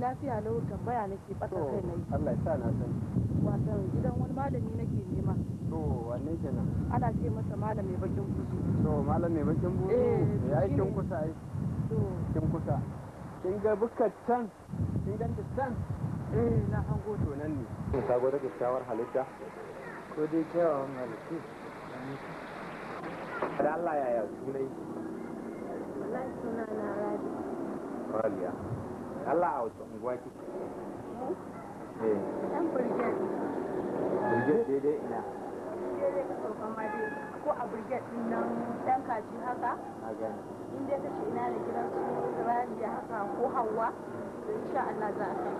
lafiya lau tambaya nake ɓata kai na yi Allah ya sa na sani watan gidan wani malami nake nema to wanne kenan ana ce masa malam mai bakin buzu to malam mai bakin buzu eh ai kin kusa ai to kin kusa kin ga bukkar can kin ganta can eh na hango to nan ne to ka gwada kyakkyawar halitta ko dai kyawawan halittu da Allah yi sunai wallahi sunana Rabia Rabia Allah a wace unguwa eh dan burget burget daidai ina ko a burget din nan dan kaji haka a in dai kace ina da gidan su Rabiya haka ko Hawwa insha Allah za a kai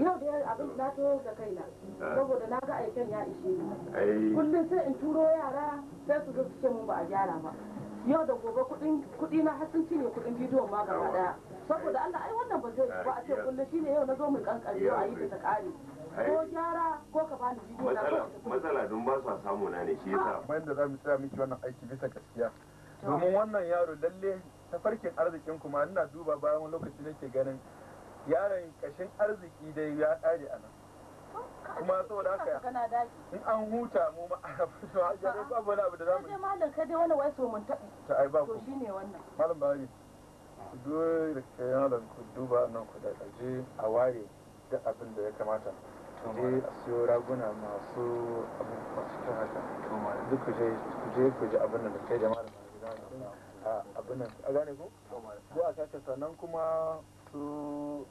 yau da abin na to da kaina saboda na ga aikin ya ishe ni kullum sai in turo yara sai su zo su ce mun ba a gyara ba yau da gobe kudi na har sun cinye kudin bidiyon ma gaba daya saboda Allah ai wannan ba zai ba a ce kullum shine yau na zo mu kankare yau a yi ta kare ko gyara ko ka bani bidiyo na matsala don ba su samu na ne shi yasa bayan da za mu tsaya miki wannan aiki bisa gaskiya domin wannan yaro lalle tafarkin arzikin kuma ina duba bayan wani lokaci nake ganin yaron kashin arziki dai ya kare a nan kuma saboda haka in an huta mu ma a fito a gyara babu wani abu da za mu yi malam ka dai wani wai so mun taɓi ta ai ba ku to shine wannan malam bari duk yana da duba nan ku da aje a ware da abin da ya kamata je a siyo raguna masu abin masu ta haka duk ku je ku abin da kai jama'a da abin nan a gane ko ko a sake sannan kuma su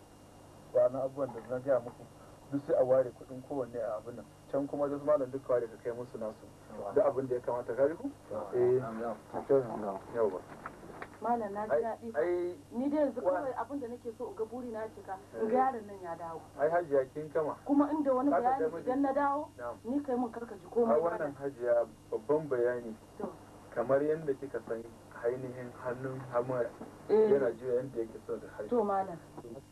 wani abubuwan da zan gaya muku duk sai a ware kuɗin kowanne a abin nan can kuma duk malam duk ware ka kai musu nasu duk abin da ya kamata gari ku eh yau ba malam na ji daɗi ni dai yanzu kawai abin da nake so in ga buri na cika in ga eh. yaron nan ya dawo ai hajiya kin kama kuma inda wani bayani idan na dawo ni kai mun karka ji komai wannan hajiya babban bayani kamar yadda kika san ainihin hannun hamar eh. yana juya yadda yake so da harshe to malam